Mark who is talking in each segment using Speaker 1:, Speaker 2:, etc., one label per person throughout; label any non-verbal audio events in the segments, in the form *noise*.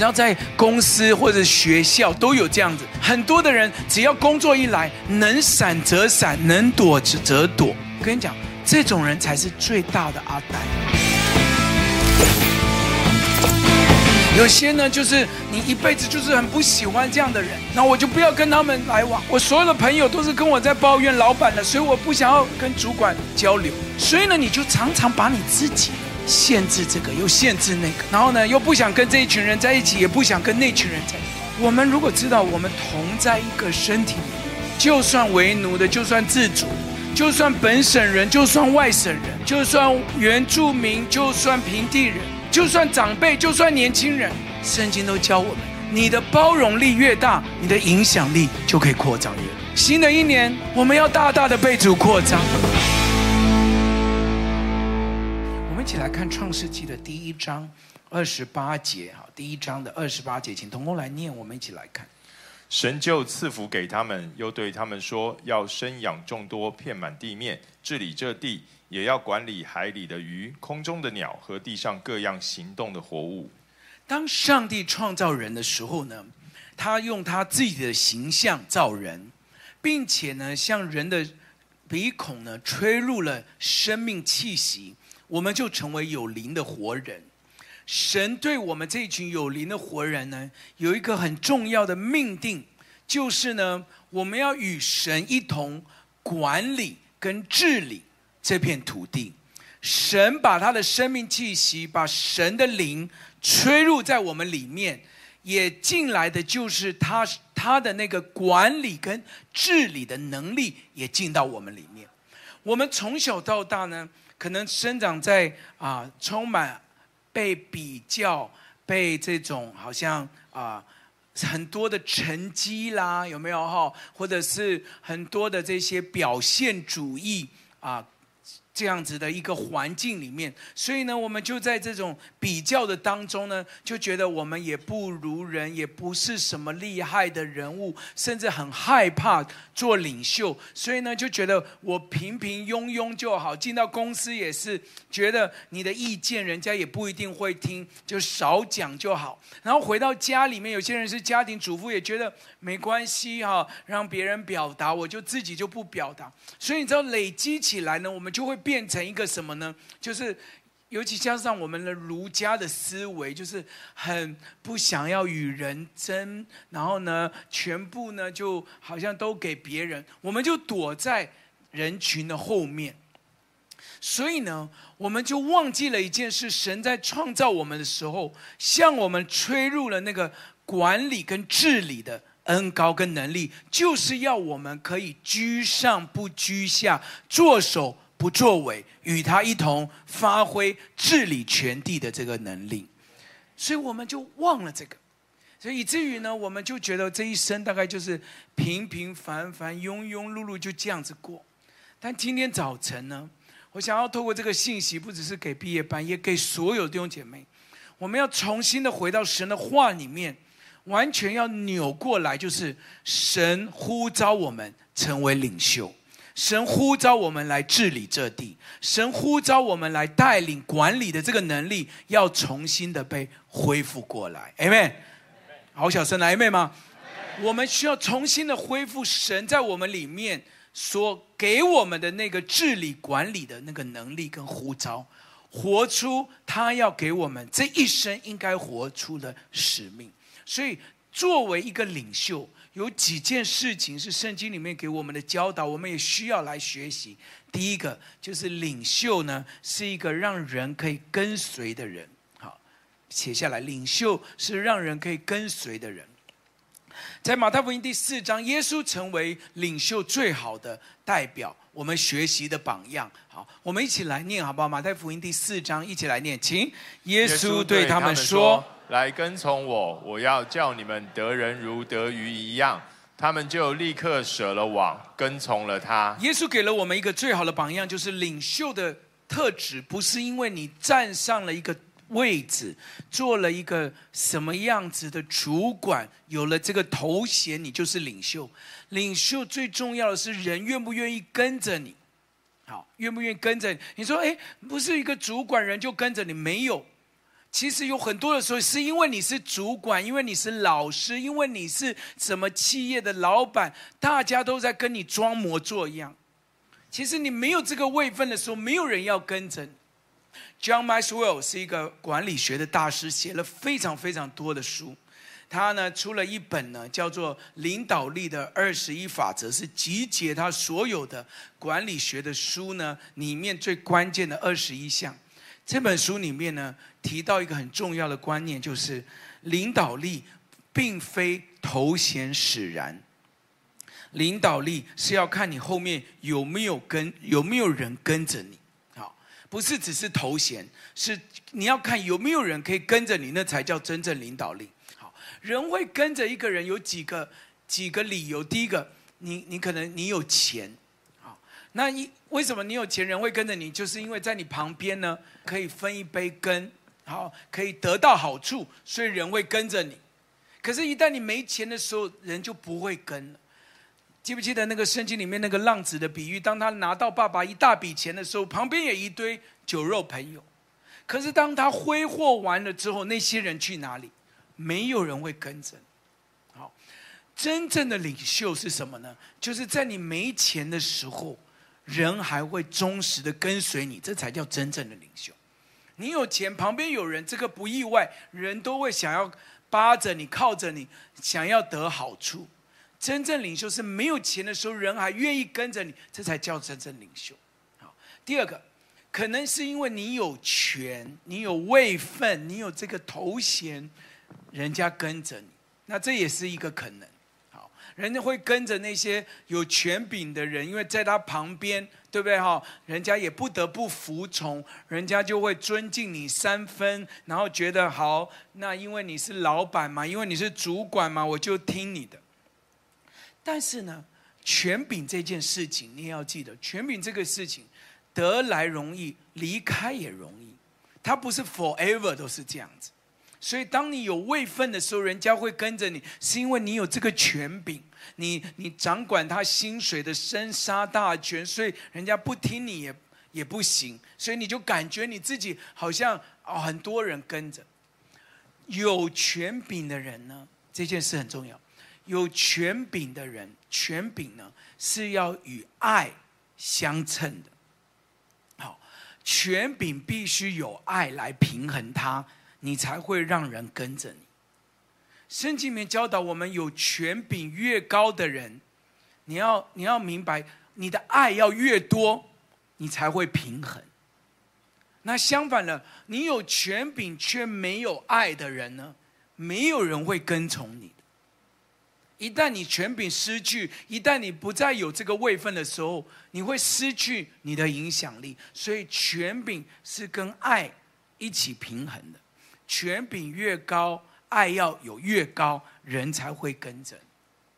Speaker 1: 只要在公司或者學校都有這樣子，很多的人只要工作一來，能閃則閃，能躲則則躲。跟你講，這種人才是最大的阿呆。有些呢，就是你一輩子就是很不喜歡這樣的人，那我就不要跟他們來往。我所有的朋友都是跟我在抱怨老闆的，所以我不想要跟主管交流。所以呢，你就常常把你自己限制這個，又限制那個，然後呢，又不想跟這一群人在一起，也不想跟那群人在一起。我們如果知道我們同在一個身體裡，就算為奴的，就算自主，就算本省人，就算外省人，就算原住民，就算平地人，就算長輩，就算年輕人，聖經都教我們：你的包容力越大，你的影響力就可以擴張越大。新的一年，我們要大大的被主擴張。一起來看《創世紀》的第一章二十八節，哈，第一章的二十八節，請同工來念，我們一起來看。
Speaker 2: 神就賜福給他們，又對他們說：“要生養眾多，遍滿地面，治理這地，也要管理海裡的魚、空中的鳥和地上各樣行動的活物。”當上帝
Speaker 1: 創造人的時候呢，他用他自己的形象造人，並且呢，向人的鼻孔呢吹入了生命氣息。我們就成為有靈的活人。神對我們這群有靈的活人呢，有一個很重要的命定，就是呢，我們要與神一同管理跟治理這片土地。神把他的生命氣息，把神的靈吹入在我們裡面，也進來的就是他他的那個管理跟治理的能力，也進到我們裡面。我們從小到大呢，可能生長在啊、呃，充滿被比較、被這種好像啊、呃、很多的成績啦，有沒有哈、哦？或者是很多的這些表現主義啊。呃這樣子的一個環境裡面，所以呢，我們就在這種比較的當中呢，就覺得我們也不如人，也不是什麼厲害的人物，甚至很害怕做領袖，所以呢，就覺得我平平庸庸就好。進到公司也是覺得你的意見人家也不一定會聽，就少講就好。然後回到家裡面，有些人是家庭主婦，也覺得沒關係哈、啊，讓別人表達，我就自己就不表達。所以你知道累積起來呢，我們就會變。變成一個什麼呢？就是尤其加上我們的儒家的思維，就是很不想要與人爭，然後呢，全部呢就好像都給別人，我們就躲在人群的後面。所以呢，我們就忘記了一件事：神在創造我們的時候，向我們吹入了那個管理跟治理的恩膏跟能力，就是要我們可以居上不居下，作首。不作為，與他一同發揮治理全地的這個能力，所以我們就忘了這個，所以以至於呢，我們就覺得這一生大概就是平平凡凡、庸庸碌碌就這樣子過。但今天早晨呢，我想要透過這個信息，不只是給畢業班，也給所有弟兄姐妹，我們要重新的回到神的話裡面，完全要扭過來，就是神呼召我們成為領袖。神呼召我們來治理這地，神呼召我們來帶領管理的這個能力要重新的被恢復過來，阿們。好小聲來，阿們嗎？我們需要重新的恢復神在我們裡面所給我們的那個治理管理的那個能力跟呼召，活出他要給我們這一生應該活出的使命。所以，作為一個領袖，有幾件事情是聖經裡面給我們的教導，我們也需要來學習。第一個就是領袖呢，是一個讓人可以跟隨的人。好，寫下來，領袖是讓人可以跟隨的人。在馬太福音第四章，耶穌成為領袖最好的代表，我們學習的榜樣。我們一起來念好不好？馬太福音第四章，一起來念。請耶穌對他們說：“
Speaker 2: 來跟從我，我要叫你們得人如得魚一樣。”他們就立刻舍了網，跟從了他。
Speaker 1: 耶穌給了我們一個最好的榜樣，就是領袖的特質，不是因為你站上了一個位置，做了一個什麼樣子的主管，有了這個頭銜，你就是領袖。領袖最重要的是人願不願意跟着你。好，願不願意跟着你？你說，哎，不是一個主管人就跟着你沒有？其實有很多的時候，是因為你是主管，因為你是老師，因為你是什麼企業的老闆，大家都在跟你裝模作樣。其實你沒有這個位分的時候，沒有人要跟着你。John Maxwell 是一個管理學的大師，寫了非常非常多的書。他呢出了一本呢，叫做《領導力的二十一法則》，是集結他所有的管理學的書呢裡面最關鍵的二十一項。這本書裡面呢提到一個很重要的觀念，就是領導力並非頭銜使然，領導力是要看你後面有沒有跟，有沒有人跟着你，啊，不是只是頭銜，是你要看有沒有人可以跟着你，那才叫真正領導力。人會跟着一個人有幾個幾個理由？第一個，你你可能你有錢，啊，那一為什麼你有錢人會跟着你？就是因為在你旁邊呢，可以分一杯羹，好，可以得到好處，所以人會跟着你。可是，一旦你沒錢的時候，人就不會跟了。記不記得那個聖經裡面那個浪子的比喻？當他拿到爸爸一大筆錢的時候，旁邊有一堆酒肉朋友。可是當他揮霍完了之後，那些人去哪裡？沒有人會跟着你，好，真正的領袖是什麼呢？就是在你沒錢的時候，人還會忠實的跟隨你，這才叫真正的領袖。你有錢，旁邊有人，這個不意外，人都會想要扒着你、靠着你，想要得好處。真正領袖是沒有錢的時候，人還願意跟着你，這才叫真正領袖。好，第二個，可能是因為你有權，你有位份，你有這個頭銜。人家跟着你，那這也是一個可能。好，人家會跟着那些有權柄的人，因為在他旁邊，對不對？哈，人家也不得不服從，人家就會尊敬你三分，然後覺得好。那因為你是老闆嘛，因為你是主管嘛，我就聽你的。但是呢，權柄這件事情你也要記得，權柄這個事情得來容易，離開也容易，它不是 forever 都是這樣子。所以，當你有位分的時候，人家會跟着你，是因為你有這個權柄，你你掌管他薪水的生殺大權，所以人家不聽你也也不行。所以你就感覺你自己好像，哦，很多人跟着。有權柄的人呢，這件事很重要。有權柄的人，權柄呢是要與愛相稱的。好，權柄必須有愛來平衡它。你才會讓人跟着你。聖經裡面教導我們，有權柄越高的人，你要你要明白，你的愛要越多，你才會平衡。那相反的，你有權柄却沒有愛的人呢？沒有人會跟從你。一旦你權柄失去，一旦你不再有這個位分的時候，你會失去你的影響力。所以，權柄是跟愛一起平衡的。權柄越高，愛要有越高，人才會跟着。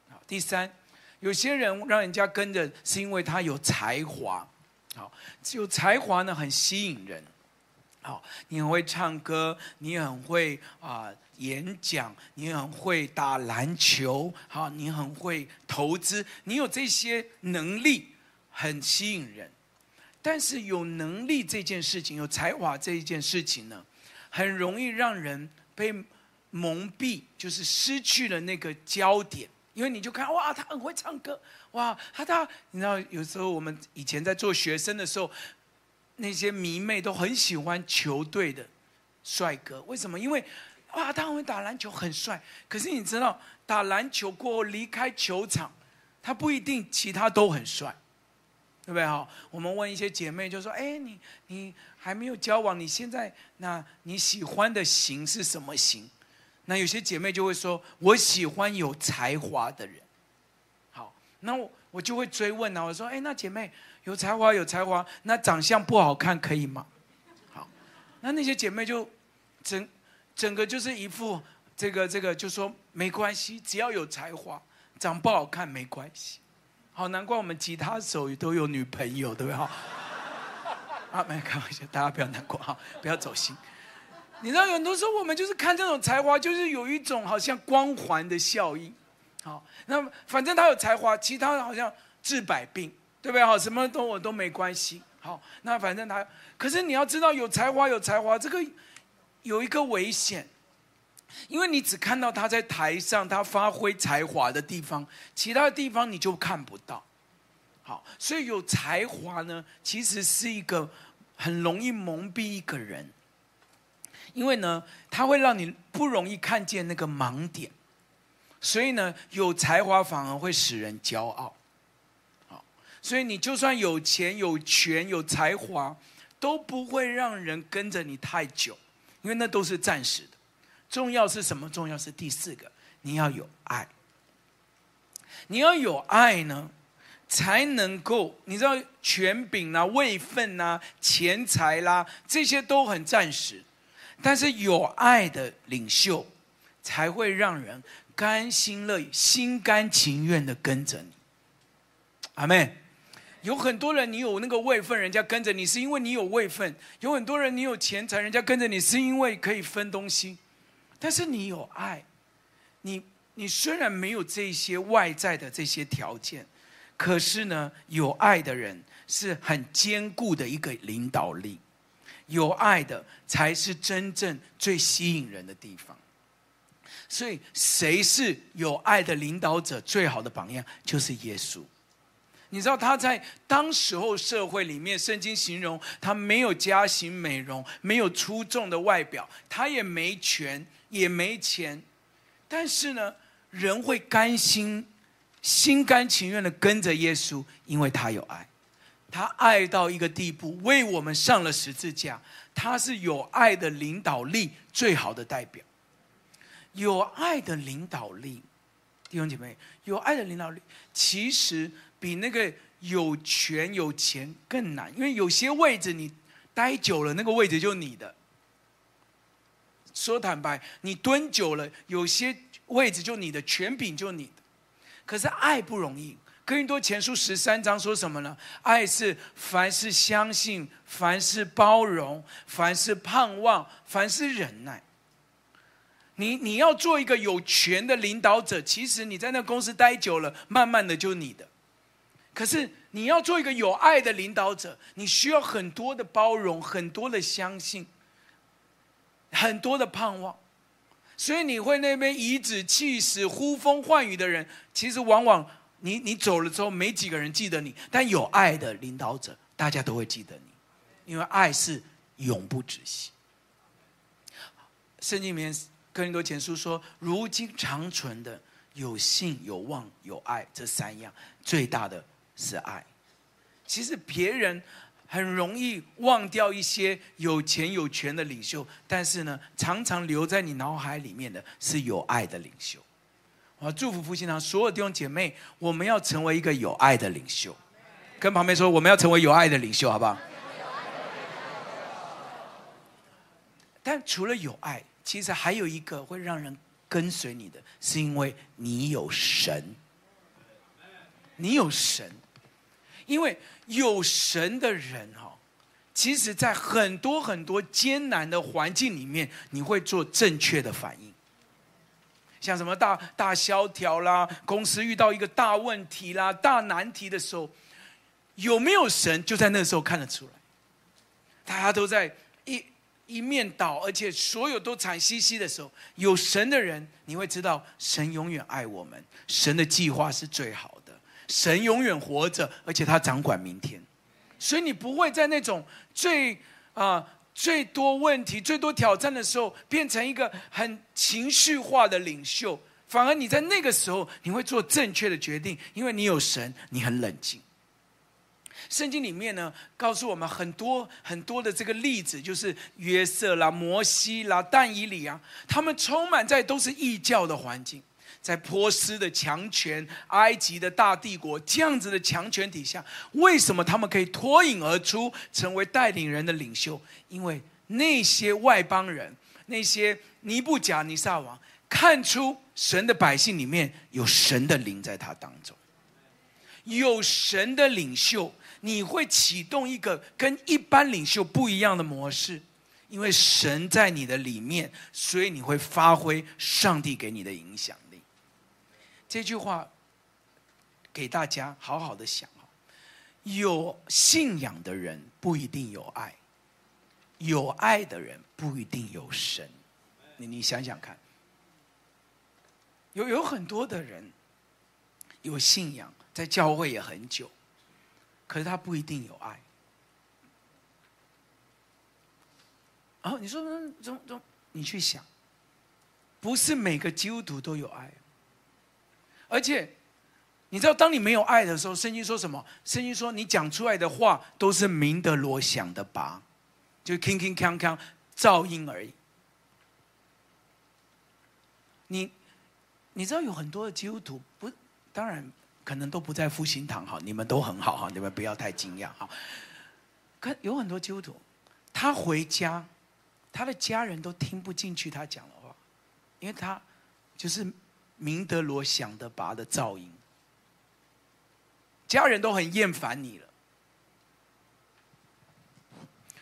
Speaker 1: 好，第三，有些人讓人家跟着，是因為他有才華。好，有才華呢，很吸引人。好，你很會唱歌，你很會啊演講，你很會打籃球，好，你很會投資，你有這些能力，很吸引人。但是有能力這件事情，有才華這一件事情呢，很容易讓人被蒙蔽，就是失去了那個焦點。因為你就看，哇，他很會唱歌，哇，他他，你知道，有時候我們以前在做學生的時候，那些迷妹都很喜歡球隊的帥哥。為什麼？因為，哇，他很會打籃球，很帥。可是你知道，打籃球過後離開球場，他不一定其他都很帥。對不對？好，我們問一些姐妹就說：“哎，你你還沒有交往，你現在那你喜歡的型是什麼型？”那有些姐妹就會說：“我喜歡有才華的人。”好，那我我就會追問啊，我說：“哎，那姐妹有才華有才華，那長相不好看可以嗎？”好，那那些姐妹就整整個就是一副這個這個，就說沒關係，只要有才華，長不好看沒關係。好，難怪我們吉他手都有女朋友，對不對哈？啊，啊，沒有開玩笑，大家不要難過哈，不要走心。你知道，很多時候我們就是看這種才華，就是有一種好像光環的效應。好，那反正他有才華，其他人好像治百病，對不對？好，什麼都我都沒關係。好，那反正他，可是你要知道，有才華有才華，這個有一個危險。因為你只看到他在台上他發揮才華的地方，其他的地方你就看不到。好，所以有才華呢，其實是一個很容易蒙蔽一個人，因為呢，他會讓你不容易看見那個盲點。所以呢，有才華反而會使人驕傲。好，所以你就算有錢、有權、有才華，都不會讓人跟着你太久，因為那都是暫時的。重要是什麼？重要是第四個，你要有愛。你要有愛呢，才能夠你知道權柄啊、位分啊、錢財啦、啊，這些都很暫時。但是有愛的領袖，才會讓人甘心樂意、心甘情願的跟着你。阿們，有很多人，你有那個位分，人家跟着你是因為你有位分；有很多人，你有錢財，人家跟着你是因為可以分東西。但是你有愛，你你雖然沒有這些外在的這些條件，可是呢，有愛的人是很堅固的一個領導力，有愛的才是真正最吸引人的地方。所以，誰是有愛的領導者？最好的榜樣就是耶穌。你知道他在當時候社會裡面，聖經形容他沒有佳形美容，沒有出眾的外表，他也沒權。也沒錢，但是呢，人會甘心、心甘情願的跟着耶穌，因為他有愛，他愛到一個地步，為我們上了十字架。他是有愛的領導力最好的代表，有愛的領導力，弟兄姐妹，有愛的領導力其實比那個有權有錢更難，因為有些位置你待久了，那個位置就你的。說坦白，你蹲久了，有些位置就你的，權柄就你的。可是愛不容易。哥林多前書十三章說什麼呢？愛是凡事相信，凡事包容，凡事盼望，凡事忍耐。你你要做一個有權的領導者，其實你在那個公司待久了，慢慢的就你的。可是你要做一個有愛的領導者，你需要很多的包容，很多的相信。很多的盼望，所以你會那邊頤指氣使、呼風喚雨的人，其實往往你你走了之後，沒幾個人記得你。但有愛的領導者，大家都會記得你，因為愛是永不止息。聖經裡面，哥林多前書說，如今長存的有信、有望、有愛，這三樣最大的是愛。其實別人很容易忘掉一些有錢有權的領袖，但是呢，常常留在你腦海裡面的是有愛的領袖。我要祝福復興堂所有弟兄姐妹，我們要成為一個有愛的領袖。跟旁邊說，我們要成為有愛的領袖，好不好？但除了有愛，其實還有一個會讓人跟隨你的，是因為你有神，你有神，因為。有神的人哈，其實，在很多很多艱難的環境裡面，你會做正確的反應。像什麼大大蕭條啦，公司遇到一個大問題啦、大難題的時候，有沒有神，就在那時候看得出來。大家都在一一面倒，而且所有都慘兮兮的時候，有神的人，你會知道神永遠愛我們，神的計劃是最好的。神永遠活着，而且他掌管明天，所以你不會在那種最啊、呃、最多問題、最多挑戰的時候變成一個很情緒化的領袖，反而你在那個時候你會做正確的決定，因為你有神，你很冷靜。聖經裡面呢告訴我們很多很多的這個例子，就是約瑟啦、摩西啦、但以理啊，他們充滿在都是異教的環境。在波斯的強權、埃及的大帝國這樣子的強權底下，為什麼他們可以脫穎而出，成為帶領人的領袖？因為那些外邦人、那些尼布甲尼撒王，看出神的百姓裡面有神的靈，在他當中，有神的領袖，你會啟動一個跟一般領袖不一樣的模式，因為神在你的裡面，所以你會發揮上帝給你的影響。這句話，給大家好好的想，有信仰的人不一定有愛，有愛的人不一定有神。你你想想看，有有很多的人有信仰，在教會也很久，可是他不一定有愛。哦，你說說怎怎怎？你去想，不是每個基督徒都有愛。而且，你知道，當你沒有愛的時候，聖經說什麼？聖經說你講出來的話都是鳴的鑼響的鈸，就鏗鏗鏘鏘噪音而已。你你知道有很多的基督徒不，當然可能都不在復興堂哈，你們都很好哈，你們不要太驚訝哈。可有很多基督徒，他回家，他的家人都聽不進去他講的話，因為他就是。明德羅想的拔的噪音，家人都很厭煩你了。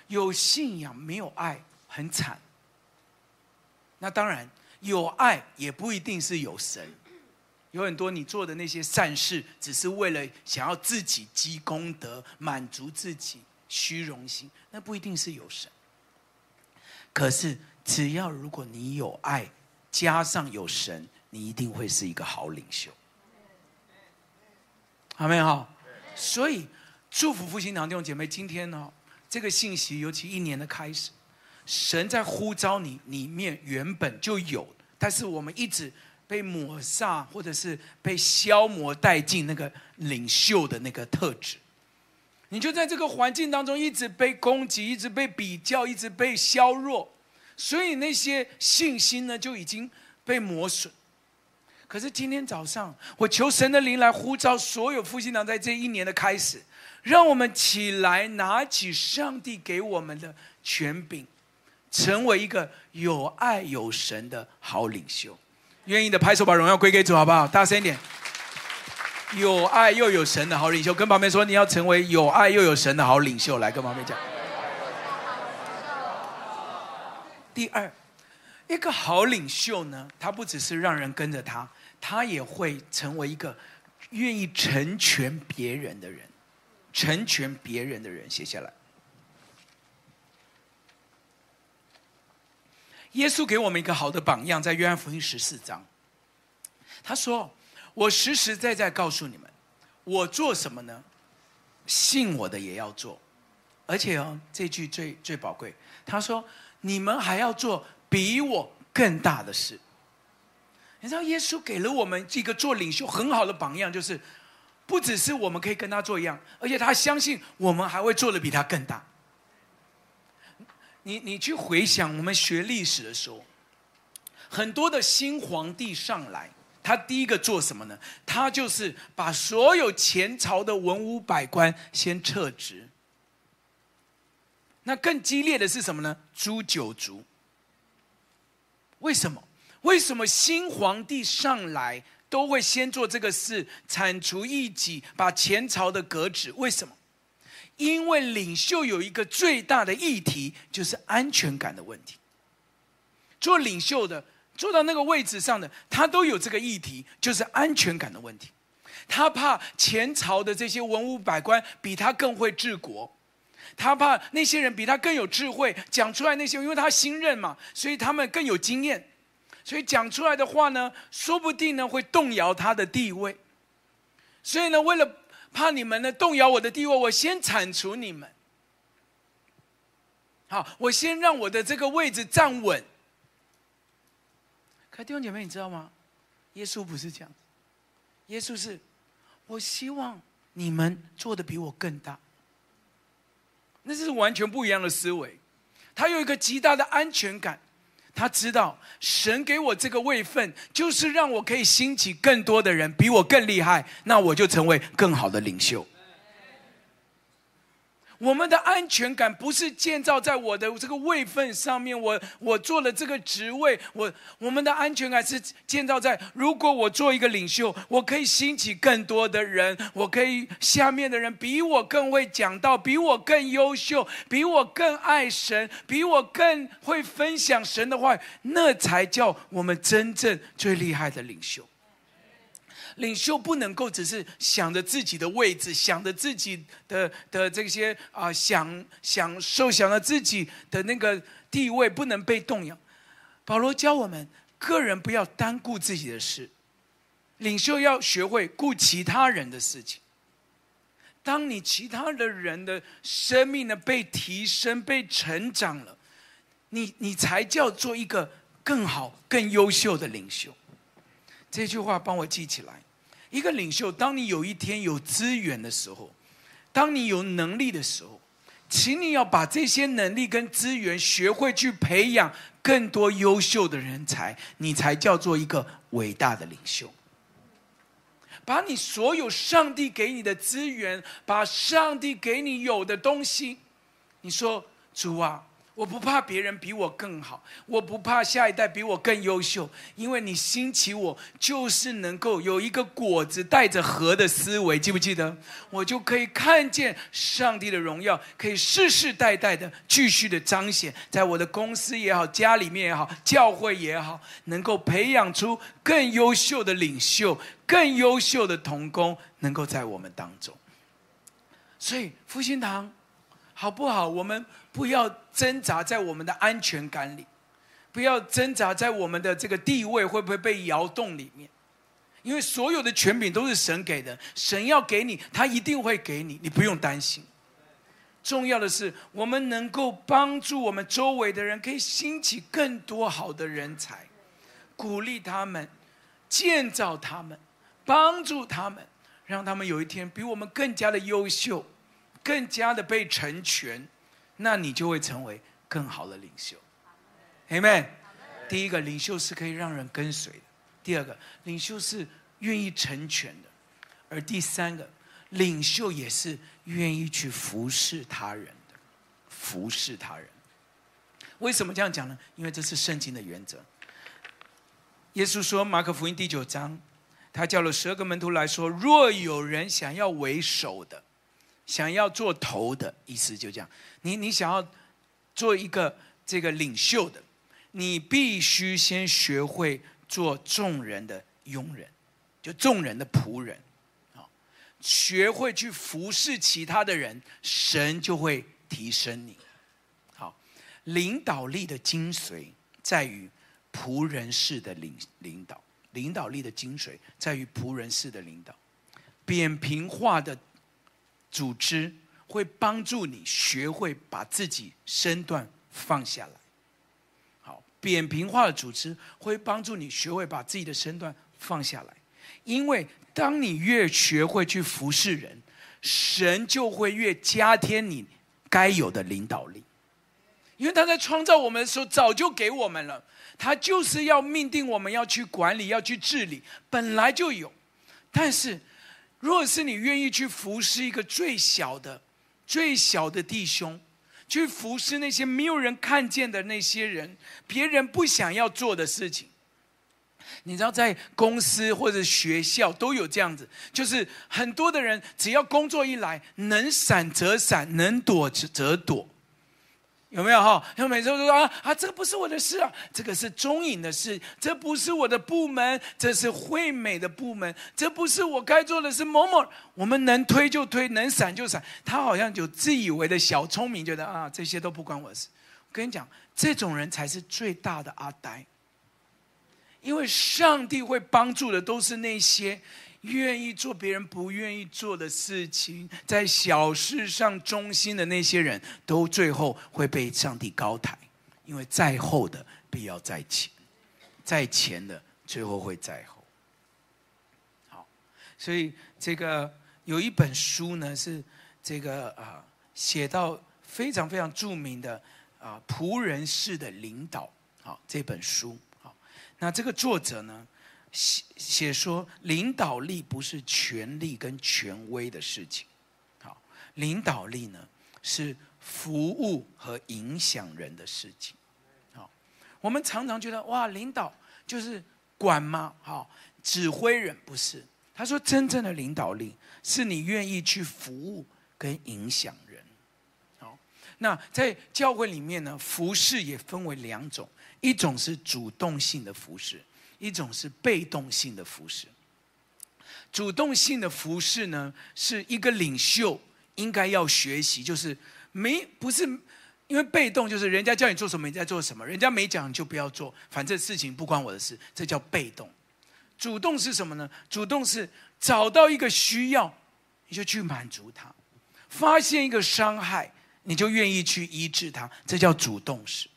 Speaker 1: 有信仰沒有愛，很慘。那當然，有愛也不一定是有神。有很多你做的那些善事，只是為了想要自己積功德，滿足自己虛榮心，那不一定是有神。可是，只要如果你有愛，加上有神，你一定會是一個好領袖，Amen, 好沒有？所以祝福復興堂弟兄姐妹，今天呢、哦，這個信息尤其一年的開始，神在呼召你裡面原本就有，但是我們一直被抹煞，或者是被消磨殆盡那個領袖的那個特質。你就在這個環境當中一直被攻擊，一直被比較，一直被削弱，所以那些信心呢就已經被磨損。可是今天早上，我求神的靈來呼召所有復興黨在這一年的開始，讓我們起來拿起上帝給我們的權柄，成為一個有愛有神的好領袖。願意的拍手，把榮耀歸給主，好不好？大聲一點！有愛又有神的好領袖，跟旁邊說，你要成為有愛又有神的好領袖。來，跟旁邊講。第二，一個好領袖呢，他不只是讓人跟着他。他也會成為一個願意成全別人的人，成全別人的人寫下來。耶穌給我們一個好的榜樣，在約翰福音十四章，他說：“我實實在在告訴你們，我做什麼呢？信我的也要做，而且哦，這句最最寶貴。他說：你們還要做比我更大的事。”你知道耶穌給了我們這個做領袖很好的榜樣，就是不只是我們可以跟他做一樣，而且他相信我們還會做得比他更大你。你你去回想我們學歷史的時候，很多的新皇帝上來，他第一個做什麼呢？他就是把所有前朝的文武百官先撤職。那更激烈的是什麼呢？誅九族。為什麼？為什麼新皇帝上來都會先做這個事，鏟除異己，把前朝的革職？為什麼？因為領袖有一個最大的議題，就是安全感的問題。做領袖的，坐到那個位置上的，他都有這個議題，就是安全感的問題。他怕前朝的這些文武百官比他更會治國，他怕那些人比他更有智慧，講出來那些，因為他新任嘛，所以他們更有經驗。所以講出來的話呢，說不定呢會動搖他的地位。所以呢，為了怕你們呢動搖我的地位，我先鏟除你們。好，我先讓我的這個位置站穩。可是弟兄姐妹，你知道嗎？耶穌不是這樣，耶穌是，我希望你們做得比我更大。那是完全不一樣的思維，他有一個極大的安全感。他知道神給我這個位份，就是讓我可以興起更多的人，比我更厲害，那我就成為更好的領袖。我們的安全感不是建造在我的這個位份上面，我我做了這個職位，我我們的安全感是建造在，如果我做一個領袖，我可以興起更多的人，我可以下面的人比我更會講道，比我更優秀，比我更愛神，比我更會分享神的話，那才叫我們真正最厲害的領袖。領袖不能夠只是想着自己的位置，想着自己的的這些啊、呃，想享受，想着自己的那個地位不能被動搖。保羅教我們，各人不要單顧自己的事，領袖要學會顧其他人的事情。當你其他的人的生命呢被提升，被成長了，你你才叫做一個更好、更優秀的領袖。這句話幫我記起來。一個領袖，當你有一天有資源的時候，當你有能力的時候，請你要把這些能力跟資源學會去培養更多優秀的人才，你才叫做一個偉大的領袖。把你所有上帝給你的資源，把上帝給你有的東西，你說主啊。我不怕別人比我更好，我不怕下一代比我更優秀，因為你興起我，就是能夠有一個果子帶着核的思維，記不記得？我就可以看見上帝的榮耀，可以世世代代的繼續的彰顯，在我的公司也好，家裡面也好，教會也好，能夠培養出更優秀的領袖、更優秀的同工，能夠在我們當中。所以復興堂，好不好？我們。不要掙扎在我們的安全感裡，不要掙扎在我們的這個地位會不會被搖動裡面，因為所有的權柄都是神給的，神要給你，他一定會給你，你不用擔心。重要的是，我們能夠幫助我們周圍的人，可以興起更多好的人才，鼓勵他們，建造他們，幫助他們，讓他們有一天比我們更加的優秀，更加的被成全。那你就會成為更好的領袖，Amen。第一個，領袖是可以讓人跟隨的；第二個，領袖是願意成全的；而第三個，領袖也是願意去服侍他人的，服侍他人。為什麼這樣講呢？因為這是聖經的原則。耶穌說，《馬可福音》第九章，他叫了十二個門徒來說：“若有人想要為首的。”想要做頭的意思就這樣，你你想要做一個這個領袖的，你必須先學會做眾人的傭人，就眾人的僕人，啊，學會去服侍其他的人，神就會提升你。好，領導力的精髓在於僕人式的領領導，領導力的精髓在於僕人式的領導，扁平化的。組織會幫助你學會把自己身段放下來。好，扁平化的組織會幫助你學會把自己的身段放下來，因為當你越學會去服侍人，神就會越加添你該有的領導力。因為他在創造我們的時候早就給我們了，他就是要命定我們要去管理、要去治理，本來就有，但是，若是你願意去服侍一個最小的、最小的弟兄，去服侍那些沒有人看見的那些人，別人不想要做的事情，你知道，在公司或者學校都有這樣子，就是很多的人只要工作一來，能閃則閃，能躲則躲。有沒有哈？他每次都說啊，啊，這個不是我的事，啊，這個是中影的事，這不是我的部門，這是惠美的部門，這不是我該做的事某某，我們能推就推，能閃就閃。他好像就自以為的小聰明，覺得啊，這些都不關我的事。我跟你講，這種人才是最大的阿呆，因為上帝會幫助的都是那些。願意做別人不願意做的事情，在小事上忠心的那些人都最後會被上帝高抬，因為在後的必要在前，在前的最後會在後。好，所以這個有一本書呢，是這個啊，寫到非常非常著名的啊僕人式的領導。好，這本書好，那這個作者呢？寫寫說，領導力不是權力跟權威的事情，好，領導力呢，是服務和影響人的事情，好，我們常常覺得哇，領導就是管嗎？好，指揮人不是？他說，真正的領導力是你願意去服務跟影響人，好，那在教會裡面呢，服侍也分為兩種，一種是主動性的服侍。一種是被動性的服侍，主動性的服侍呢，是一個領袖應該要學習。就是沒不是因為被動，就是人家叫你做什麼，你在做什麼；人家沒講，你就不要做，反正事情不關我的事，這叫被動。主動是什麼呢？主動是找到一個需要，你就去滿足他；發現一個傷害，你就願意去醫治他。這叫主動式。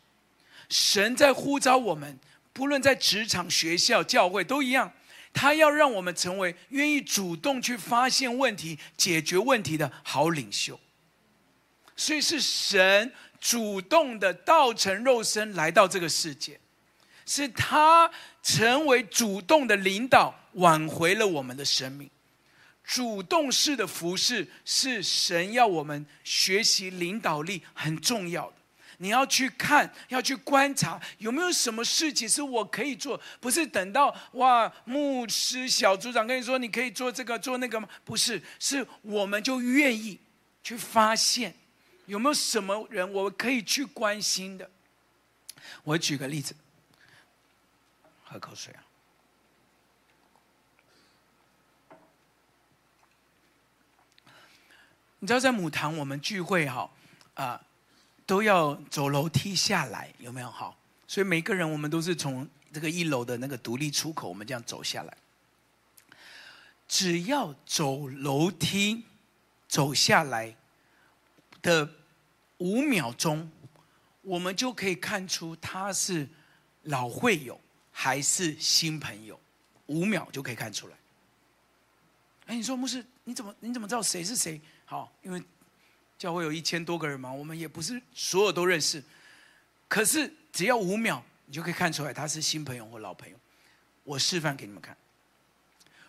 Speaker 1: 神在呼召我們。不論在職場、學校、教會都一樣，他要讓我們成為願意主動去發現問題、解決問題的好領袖。所以是神主動的道成肉身來到這個世界，是他成為主動的領導，挽回了我們的生命。主動式的服侍是神要我們學習領導力很重要的。你要去看，要去觀察，有沒有什麼事情是我可以做？不是等到哇，牧師小組長跟你說你可以做這個做那個嗎？不是，是我們就願意去發現，有沒有什麼人我可以去關心的？我舉個例子，喝口水啊！你知道在母堂我們聚會哈啊？呃都要走樓梯下來，有沒有？好，所以每個人，我們都是從這個一樓的那個獨立出口，我們這樣走下來。只要走樓梯走下來的五秒鐘，我們就可以看出他是老會友還是新朋友。五秒就可以看出來。哎，你說牧師，你怎麼你怎麼知道誰是誰？好，因為。教會有一千多個人嘛，我們也不是所有都認識，可是只要五秒，你就可以看出來他是新朋友或老朋友。我示範給你們看，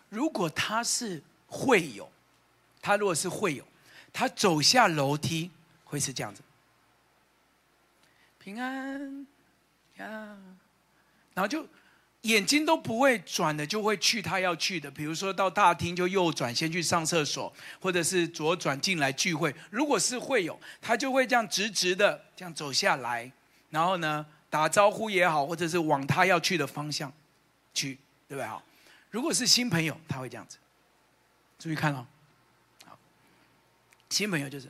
Speaker 1: 如果他是會友，他如果是會友，他走下樓梯會是這樣子，平
Speaker 3: 安呀，
Speaker 1: 然後就。眼睛都不會轉的，就會去他要去的。比如說到大廳就右轉，先去上廁所，或者是左轉進來聚會。如果是會友，他就會這樣直直的這樣走下來，然後呢，打招呼也好，或者是往他要去的方向去，對不對？好，如果是新朋友，他會這樣子，注意看哦。好，新朋友就是。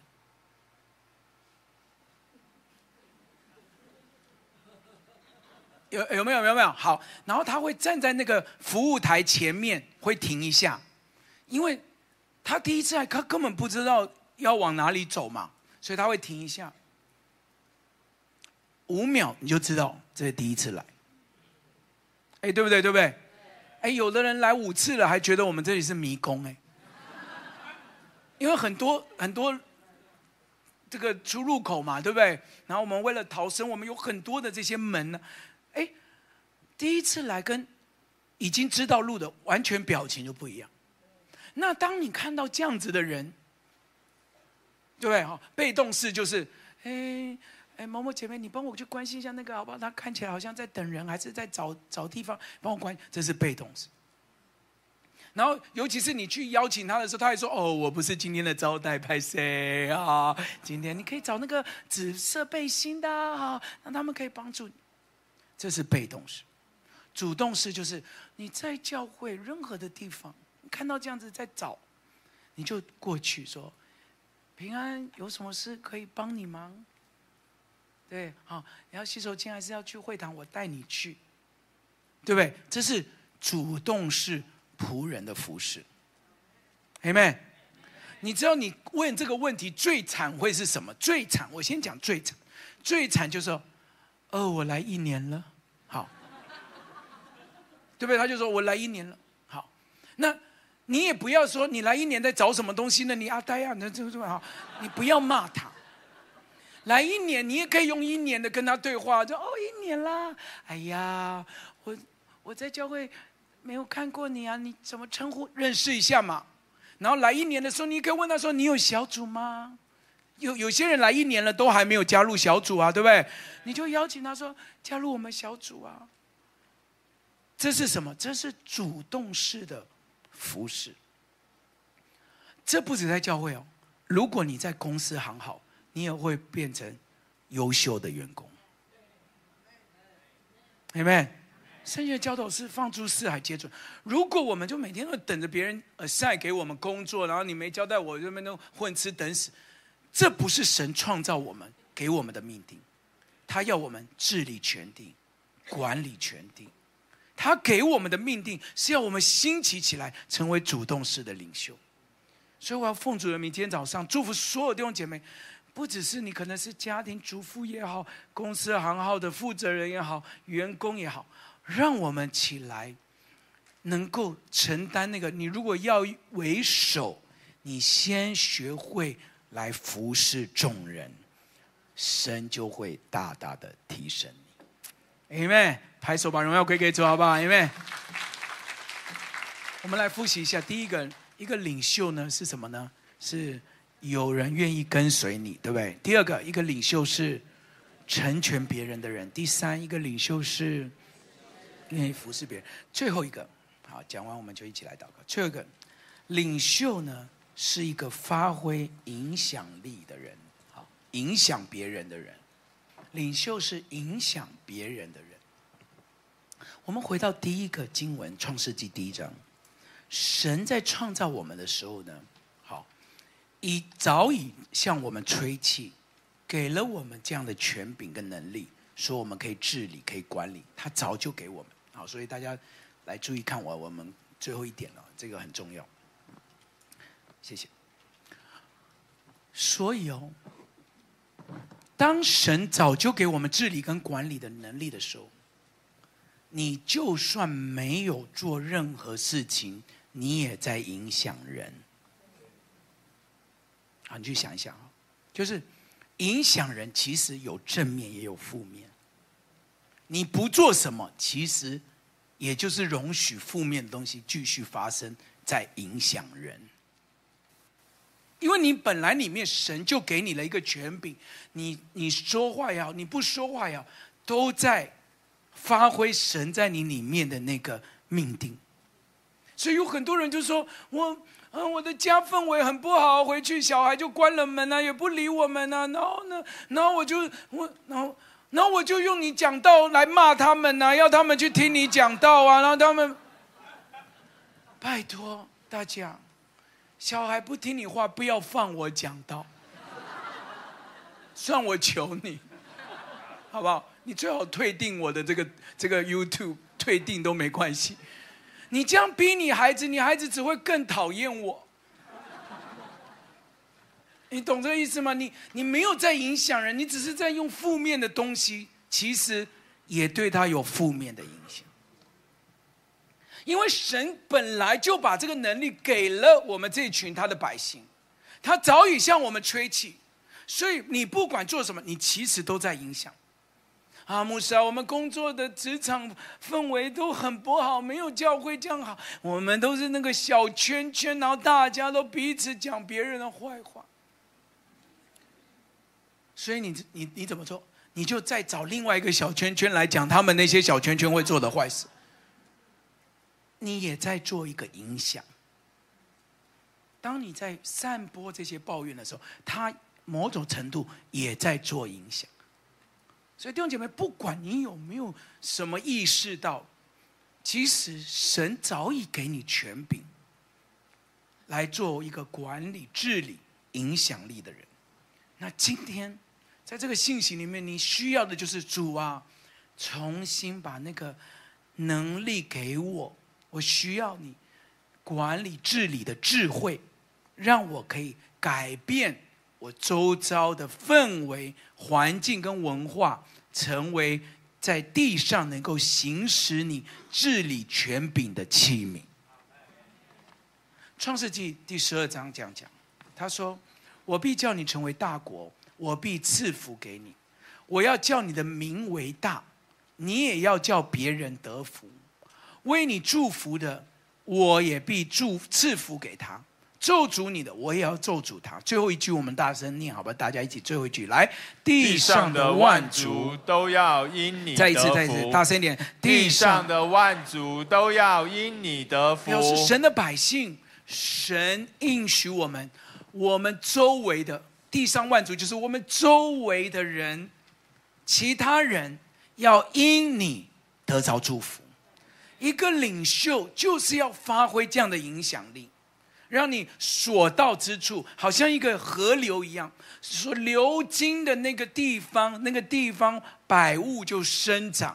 Speaker 1: 有有沒有，有沒有？好。然後他會站在那個服務台前面，會停一下，因為他第一次來，他根本不知道要往哪裡走嘛，所以他會停一下。五秒你就知道這是第一次來，哎，對不對？對不對？哎，有的人來五次了，還覺得我們這裡是迷宮，哎，因為很多很多這個出入口嘛，對不對？然後我們為了逃生，我們有很多的這些門呢。第一次來跟已經知道路的完全表情就不一樣。那當你看到這樣子的人，對不對？哈，被動式就是，哎、欸、哎、欸，某某姐妹，你幫我去關心一下那個好不好？他看起來好像在等人，還是在找找地方幫我關心？這是被動式。然後尤其是你去邀請他的時候，他還說：“哦，我不是今天的招待，派誰啊？今天你可以找那個紫色背心的好、啊，讓他們可以幫助你。”這是被動式。主動式就是你在教會任何的地方看到這樣子在找，你就過去說：“平安，有什麼事可以幫你忙？”對，好、哦，你要洗手間還是要去會堂？我帶你去，對不對？這是主動式僕人的服事。姐妹，你知道你問這個問題最慘會是什麼？最慘，我先講最慘，最慘就是說哦，我來一年了。對不對？他就說：“我來一年了。”好，那你也不要說你來一年在找什麼東西呢？你阿、啊、呆啊，那這這好，你不要罵他。 *laughs* 來一年，你也可以用一年的跟他對話，就“哦，一年啦，哎呀，我我在教會沒有看過你啊，你怎麼稱呼？認識一下嘛。”然後來一年的時候，你可以問他說：“你有小組嗎？”有有些人來一年了都還沒有加入小組啊，對不對？嗯、你就邀請他說：“加入我們小組啊。”這是什麼？這是主動式的服侍。這不止在教會哦，如果你在公司行好，你也會變成優秀的員工。明白？聖經教導是放諸四海皆準。如果我們就每天都等着別人呃塞給我們工作，然後你沒交代我，就每天都混吃等死，這不是神創造我們給我們的命定。他要我們治理全地，管理全地。他給我們的命定是要我們興起起來，成為主動式的領袖。所以我要奉主的名明天早上祝福所有弟兄姐妹，不只是你，可能是家庭主婦也好，公司行號的負責人也好，員工也好，讓我們起來，能夠承擔那個。你如果要為首，你先學會來服侍眾人，神就會大大的提升。阿們，拍手把榮耀歸給主，好不好？阿們。 *laughs* 我們來複習一下，第一個，一個領袖呢是什麼呢？是有人願意跟隨你，對不對？第二個，一個領袖是成全別人的人；第三，一個領袖是願意服侍別人；最後一個，好，講完我們就一起來禱告。最後一個，領袖呢是一個發揮影響力的人，好，影響別人的人。領袖是影響別人的人。我們回到第一個經文《創世記》第一章，神在創造我們的時候呢，好，已早已向我們吹氣，給了我們這樣的權柄跟能力，說我們可以治理、可以管理。他早就給我們，好，所以大家來注意看我，我們最後一點了，哦，這個很重要。謝謝。所以哦。當神早就給我們治理跟管理的能力的時候，你就算沒有做任何事情，你也在影響人。啊，你去想一想，就是影響人，其實有正面也有負面。你不做什麼，其實也就是容許負面的東西繼續發生在影響人。因為你本來裡面神就給你了一個權柄你，你你說話也好，你不說話也好，都在發揮神在你裡面的那個命定。所以有很多人就說我：“我嗯，我的家氛圍很不好，回去小孩就關了門啊，也不理我們啊。然後呢，然後我就我然後然後我就用你講道來罵他們吶、啊，要他們去聽你講道啊，然後他們拜托大家。”小孩不聽你話，不要放我講道，算我求你，好不好？你最好退訂我的這個這個 YouTube，退訂都沒關係。你這樣逼你孩子，你孩子只會更討厭我。你懂這個意思嗎？你你沒有在影響人，你只是在用負面的東西，其實也對他有負面的影響。因為神本來就把這個能力給了我們這群他的百姓，他早已向我們吹氣，所以你不管做什麼，你其實都在影響。啊，牧師啊，我們工作的職場氛圍都很不好，沒有教會這樣好。我們都是那個小圈圈，然後大家都彼此講別人的壞話。所以你你你怎麼做？你就再找另外一個小圈圈來講他們那些小圈圈會做的壞事。你也在做一個影響。當你在散播這些抱怨的時候，他某種程度也在做影響。所以弟兄姐妹，不管你有沒有什麼意識到，其實神早已給你權柄，來做一個管理、治理、影響力的人。那今天在這個信息裡面，你需要的就是主啊，重新把那個能力給我。我需要你管理治理的智慧，讓我可以改變我周遭的氛圍、環境跟文化，成為在地上能夠行使你治理權柄的器皿。創世紀第十二章講講，他說：“我必叫你成為大國，我必賜福給你，我要叫你的名為大，你也要叫別人得福。”為你祝福的，我也必祝賜福給他；咒詛你的，我也要咒詛他。最後一句，我們大聲念，好吧，大家一起，最後一句來地：地上的萬族都要
Speaker 2: 因你得福。再一次，再一次，大聲一點地！地上的萬族都要因你得
Speaker 1: 福。要是神的百姓，神應許我們，我們周圍的地上萬族，就是我們周圍的人，其他人要因你得著祝福。一個領袖就是要發揮這樣的影響力，讓你所到之處，好像一個河流一樣，所流經的那個地方，那個地方百物就生長；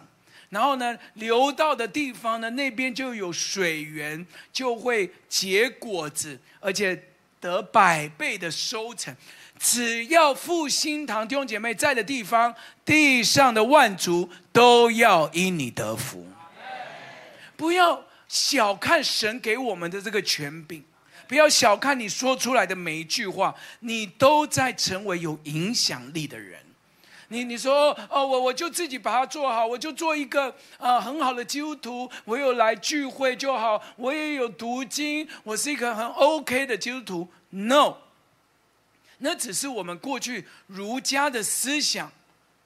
Speaker 1: 然後呢，流到的地方呢，那邊就有水源，就會結果子，而且得百倍的收成。只要復興堂弟兄姐妹在的地方，地上的萬族都要因你得福。不要小看神給我們的這個權柄，不要小看你說出來的每一句話，你都在成為有影響力的人。你你說哦，我我就自己把它做好，我就做一個，呃，很好的基督徒，我有來聚會就好，我也有讀經，我是一個很 OK 的基督徒。No，那只是我們過去儒家的思想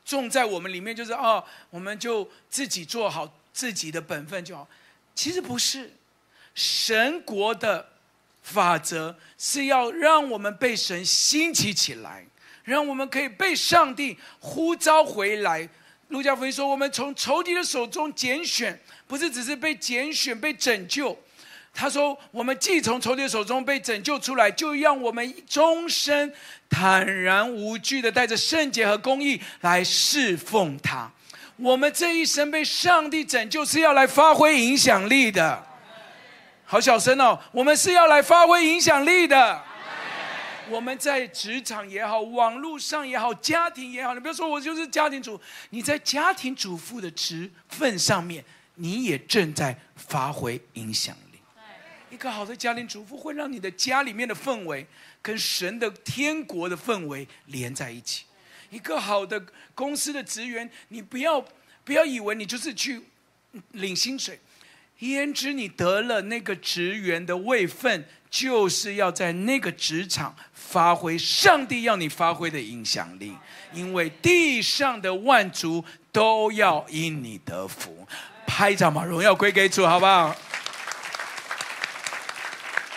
Speaker 1: 種在我們裡面，就是哦，我們就自己做好自己的本分就好。其實不是，神國的法則是要讓我們被神興起起來，讓我們可以被上帝呼召回來。路加福音說：“我們從仇敵的手中揀選，不是只是被揀選、被拯救。”他說：“我們既從仇敵手中被拯救出來，就讓我們終身坦然無懼的帶着聖潔和公義來侍奉他。”我們這一生被上帝拯救，是要來發揮影響力的。好小聲哦，我們是要來發揮影響力的。我們在職場也好，網絡上也好，家庭也好，你不要說我就是家庭主，你在家庭主婦的職份上面，你也正在發揮影響力。一個好的家庭主婦會讓你的家裡面的氛圍跟神的天國的氛圍連在一起。一個好的公司的職員，你不要不要以為你就是去領薪水，言之你得了那個職員的位分，就是要在那個職場發揮上帝要你發揮的影響力，因為地上的萬族都要因你得福。拍掌吧，榮耀歸給主，好不好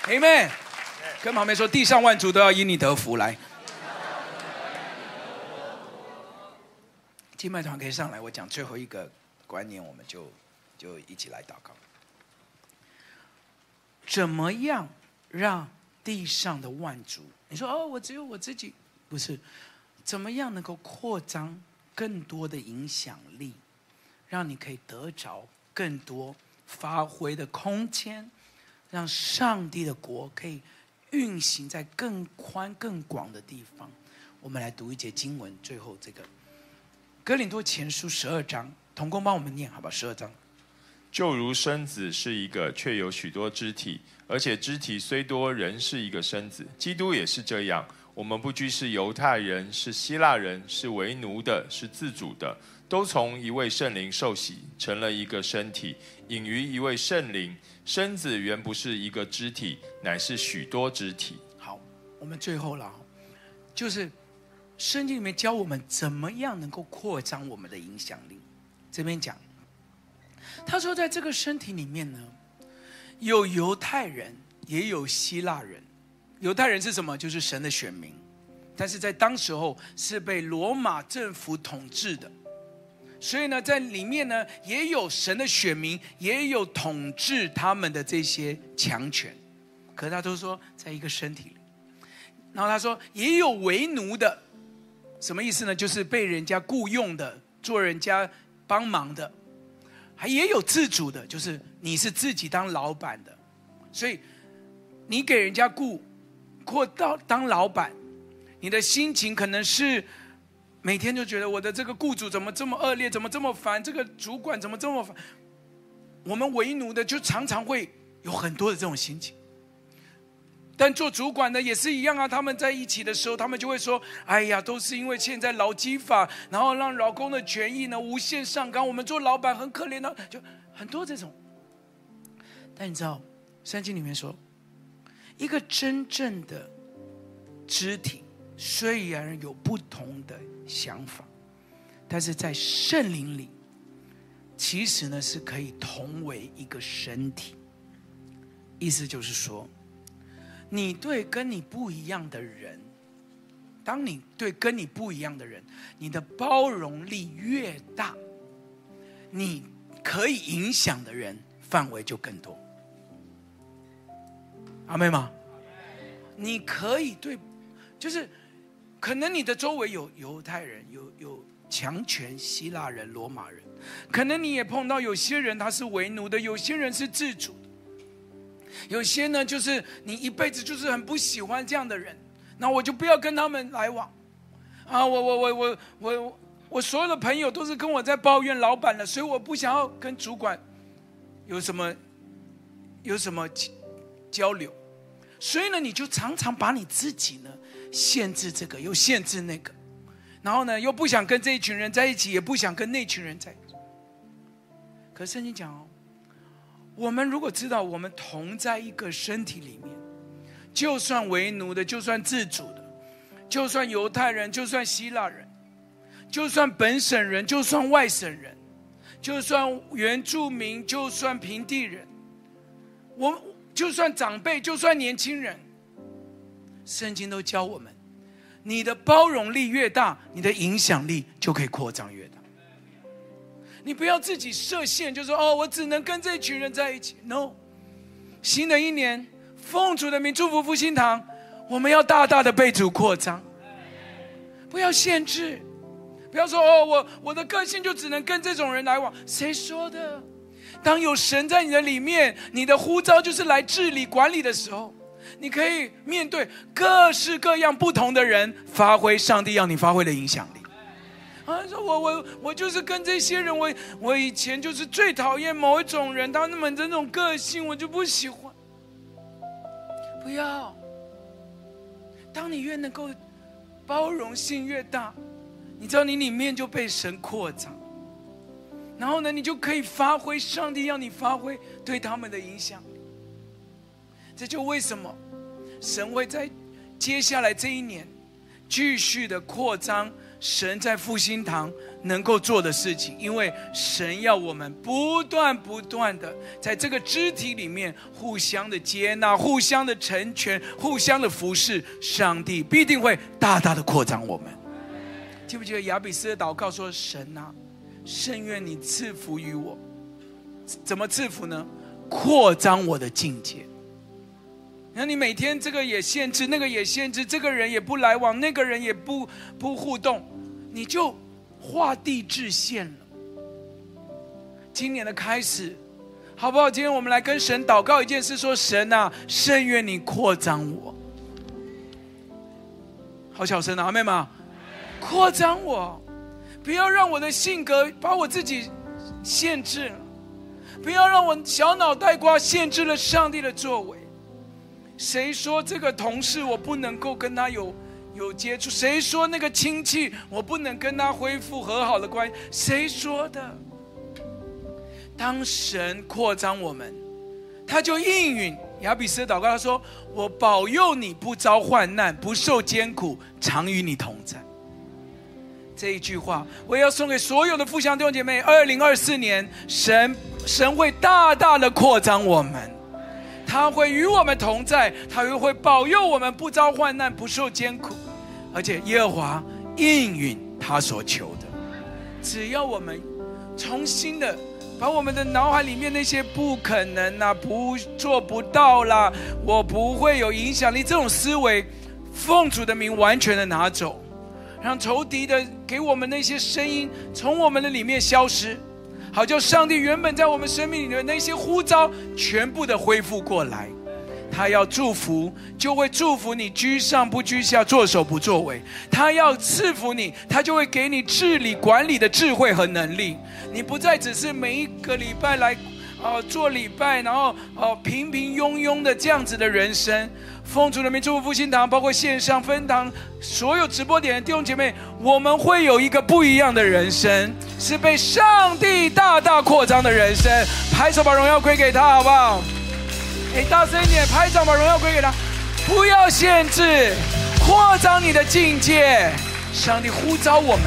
Speaker 1: ？Amen、嗯。跟旁邊說，地上萬族都要因你得福，來。敬拜團可以上來，我講最後一個觀念，我們就就一起來禱告。怎麼樣讓地上的萬族？你說哦，我只有我自己，不是？怎麼樣能夠擴張更多的影響力，讓你可以得着更多發揮的空間，讓上帝的國可以運行在更寬更廣的地方？我們來讀一節經文，最後這個。格林多前書十二章，同工幫我們念好吧。十二章，
Speaker 2: 就如身子是一個，卻有許多肢體；而且肢體雖多，仍是一個身子。基督也是這樣。我們不拘是猶太人，是希臘人，是為奴的，是自主的，都從一位聖靈受洗，成了一個身體，飲於一位聖靈。身子原不是一個肢體，乃是許多肢體。好，
Speaker 1: 我們最後了，就是。聖經裡面教我們怎麼樣能夠擴張我們的影響力。這邊講，他說在這個身體裡面呢，有猶太人，也有希臘人。猶太人是什麼？就是神的選民，但是在當時候是被羅馬政府統治的。所以呢，在裡面呢，也有神的選民，也有統治他們的這些強權。可他都說在一個身體裡。然後他說，也有為奴的。什麼意思呢？就是被人家僱傭的，做人家幫忙的，還也有自主的，就是你是自己當老闆的。所以你給人家雇或當當老闆，你的心情可能是每天就覺得我的這個雇主怎麼這麼惡劣，怎麼這麼煩？這個主管怎麼這麼煩？我們為奴的就常常會有很多的這種心情。但做主管的也是一樣啊，他們在一起的時候，他們就會說：“哎呀，都是因為現在勞基法，然後讓勞工的權益呢無限上綱，我們做老板很可憐的、啊，就很多這種。但你知道，《聖經》裡面說，一個真正的肢體雖然有不同的想法，但是在聖靈裡，其實呢是可以同為一個身體。意思就是說。你對跟你不一樣的人，當你對跟你不一樣的人，你的包容力越大，你可以影響的人範圍就更多。阿妹嗎？你可以對，就是可能你的周圍有猶太人，有有強權希臘人、羅馬人，可能你也碰到有些人他是為奴的，有些人是自主的。有些呢，就是你一輩子就是很不喜歡這樣的人，那我就不要跟他們來往啊！我我我我我我所有的朋友都是跟我在抱怨老板了，所以我不想要跟主管有什麼有什麼交流。所以呢，你就常常把你自己呢限制這個，又限制那個，然後呢，又不想跟這一群人在一起，也不想跟那群人在。可是你講哦。我們如果知道我們同在一個身體裡面，就算為奴的，就算自主的，就算猶太人，就算希臘人，就算本省人，就算外省人，就算原住民，就算平地人，我就算長輩，就算年輕人，聖經都教我們：你的包容力越大，你的影響力就可以擴張越大。你不要自己設限，就說哦，我只能跟這群人在一起。No，新的一年，奉主的名祝福復興堂，我們要大大的被主擴張，不要限制，不要說哦，我我的個性就只能跟這種人來往。誰說的？當有神在你的裡面，你的呼召就是來治理管理的時候，你可以面對各式各樣不同的人，發揮上帝要你發揮的影響啊！說，我我我就是跟這些人，我我以前就是最討厭某一種人，他們這種個性，我就不喜歡。不要，當你越能夠包容性越大，你知道你裡面就被神擴張，然後呢，你就可以發揮上帝讓你發揮對他們的影響。這就為什麼神會在接下來這一年繼續的擴張。神在復興堂能夠做的事情，因為神要我們不斷不斷的在這個肢體裡面互相的接納、互相的成全、互相的服侍，上帝必定會大大的擴張我們。記不記得雅比斯的禱告說：“神吶、啊，甚願你賜福於我。”怎麼賜福呢？擴張我的境界。那你每天這個也限制，那個也限制，這個人也不來往，那個人也不不互動，你就畫地自限了。今年的開始，好不好？今天我們來跟神禱告一件事說，說神吶、啊，甚願你擴張我。好，小聲啊，阿妹們，擴張我，不要讓我的性格把我自己限制了，不要讓我小腦袋瓜限制了上帝的作為。誰說這個同事我不能夠跟他有有接觸？誰說那個親戚我不能跟他恢復和好的關係？誰說的？當神擴張我們，他就應允雅比斯的禱告，他說：“我保佑你不遭患難，不受艱苦，常與你同在。”這一句話，我要送給所有的復興弟兄姐妹2024。二零二四年，神神會大大的擴張我們。他會與我們同在，他又會保佑我們不遭患難、不受艱苦，而且耶和華應允他所求的。只要我們重新的把我們的腦海裡面那些不可能啊、不做不到啦，我不會有影響力這種思維，奉主的名完全的拿走，讓仇敵的給我們那些聲音從我們的裡面消失。好，就上帝原本在我們生命裡的那些呼召，全部的恢復過來。他要祝福，就會祝福你居上不居下，作首不作尾。他要賜福你，他就會給你治理管理的智慧和能力。你不再只是每一個禮拜來，哦，做禮拜，然後哦，平平庸庸的這樣子的人生。奉主的名祝福復興堂，包括線上分堂所有直播點的弟兄姐妹，我們會有一個不一樣的人生，是被上帝大大擴張的人生。拍手把榮耀歸給他，好不好？哎、欸，大聲一點，拍掌把榮耀歸給他，不要限制，擴張你的境界。上帝呼召我們，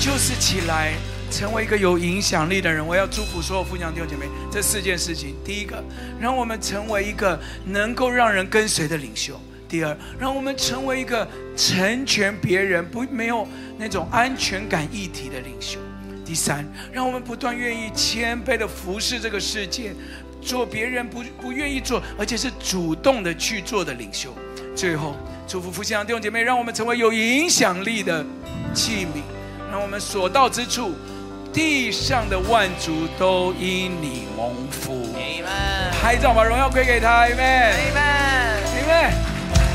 Speaker 1: 就是起來，成為一個有影響力的人，我要祝福所有父兄弟兄姐妹這四件事情。第一個，讓我們成為一個能夠讓人跟隨的領袖；第二，讓我們成為一個成全別人不沒有那種安全感議題的領袖；第三，讓我們不斷願意謙卑的服侍這個世界，做別人不不願意做而且是主動的去做的領袖。最後，祝福父兄弟兄姐妹，讓我們成為有影響力的器皿，讓我們所到之處。地上的萬族都因你蒙福。你們。拍照把榮耀歸給他。阿門。阿門。阿門。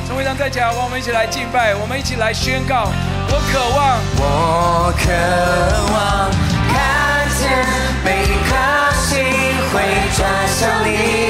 Speaker 1: 眾會長在講，我們一起來敬拜，我們一起來宣
Speaker 3: 告。我渴望，我渴望看見每一顆心會轉向你。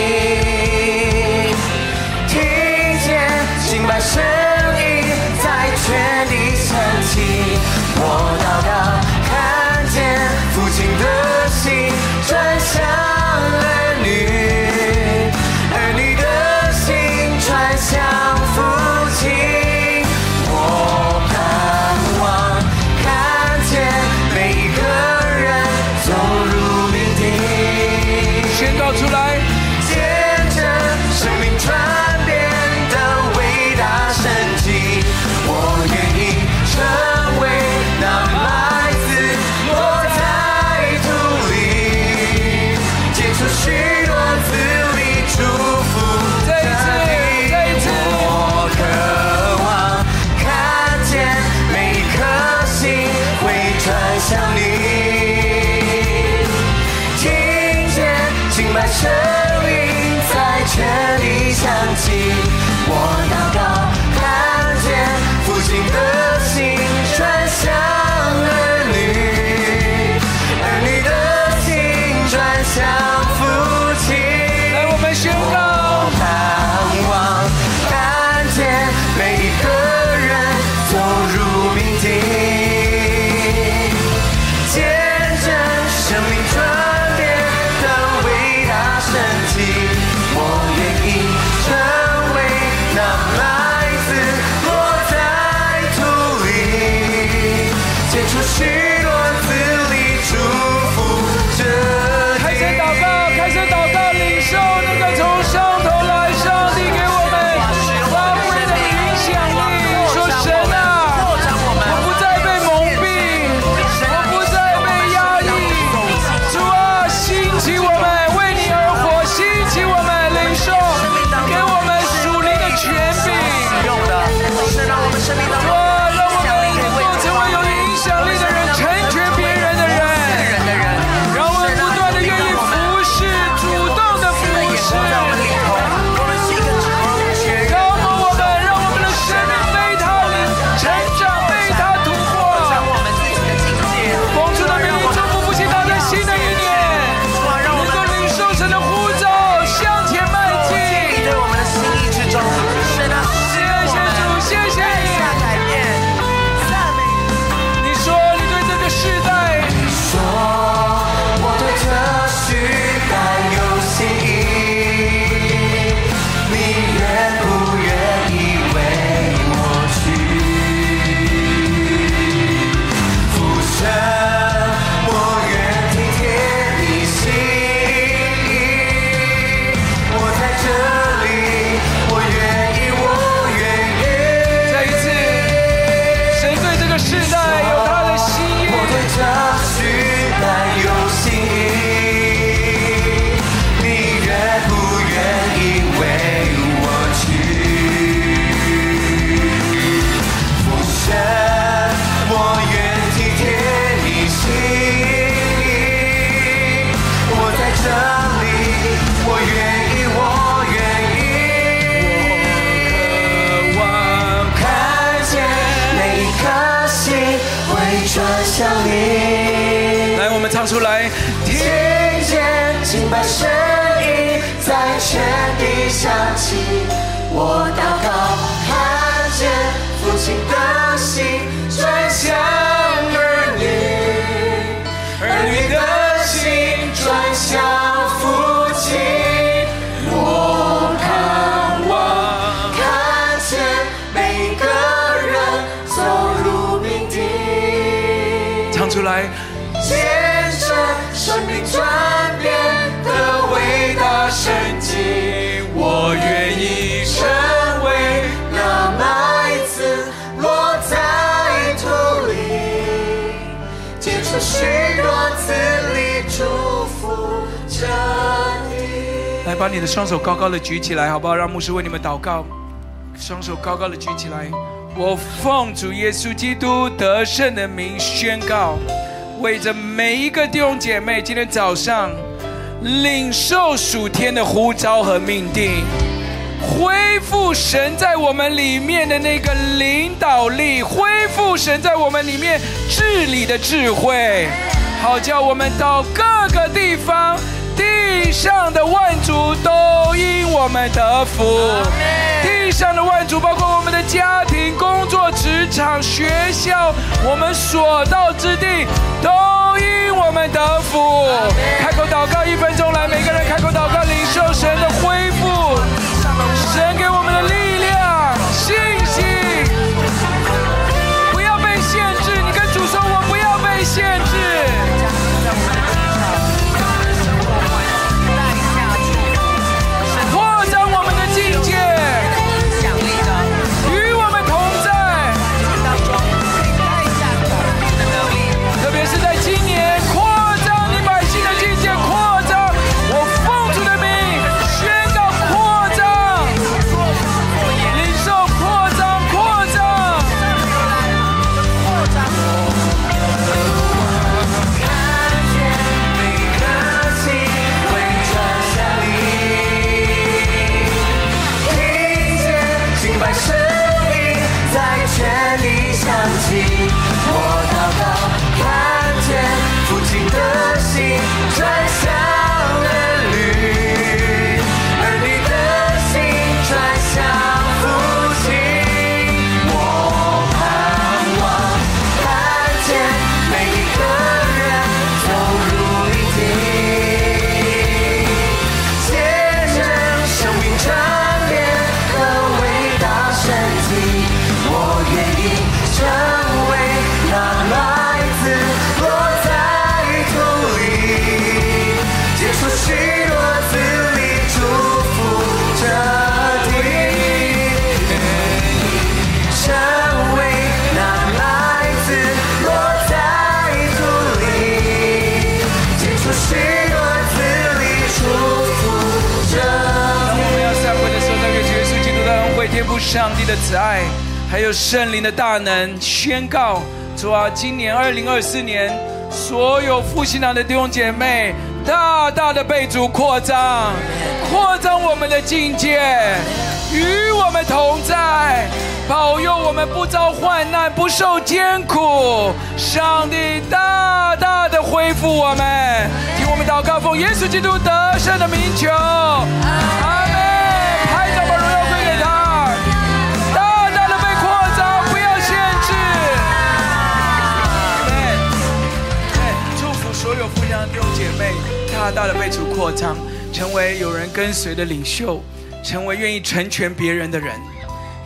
Speaker 3: 生經，我願意成為那麥子落在土裡，接受許多子粒祝福着你。
Speaker 1: 來，把你的雙手高高的舉起來，好不好？讓牧師為你們禱告。雙手高高的舉起來，我奉主耶穌基督得勝的名宣告，為着每一個弟兄姐妹，今天早上。領受屬天的呼召和命定，恢復神在我們裡面的那個領導力，恢復神在我們裡面治理的智慧，好叫我們到各個地方。地上的萬族都因我們得福。地上的萬族，包括我們的家庭、工作、職場、學
Speaker 3: 校，我們所到之地，都因我們得福。開口禱告一分鐘，來，每個人開口禱告，領受神的恢復，神給我們的力量、信心，不要被限制。你跟主說，我不要被限制。
Speaker 1: 上帝的慈愛，還有聖靈的大能宣告：主啊，今年二零二四年，所有復興堂的弟兄姐妹，大大的被主擴張，擴張我們的境界，與我們同在，保佑我們不遭患難，不受艱苦。上帝大大的恢復我們，替我們禱告，奉耶穌基督得勝的名求。大大的被主擴張，成為有人跟隨的領袖，成為願意成全別人的人，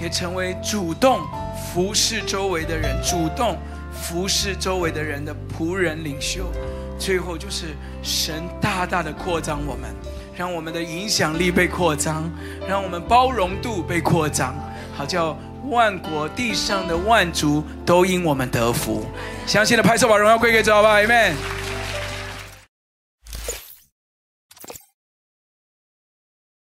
Speaker 1: 也成為主動服侍周圍的人，主動服侍周圍的人的僕人領袖。最後就是神大大的擴張我們，讓我們的影響力被擴張，讓我們包容度被擴張，好叫萬國地上的萬族都因我們得福。相信的拍手，把榮耀歸給主，好不好？阿們。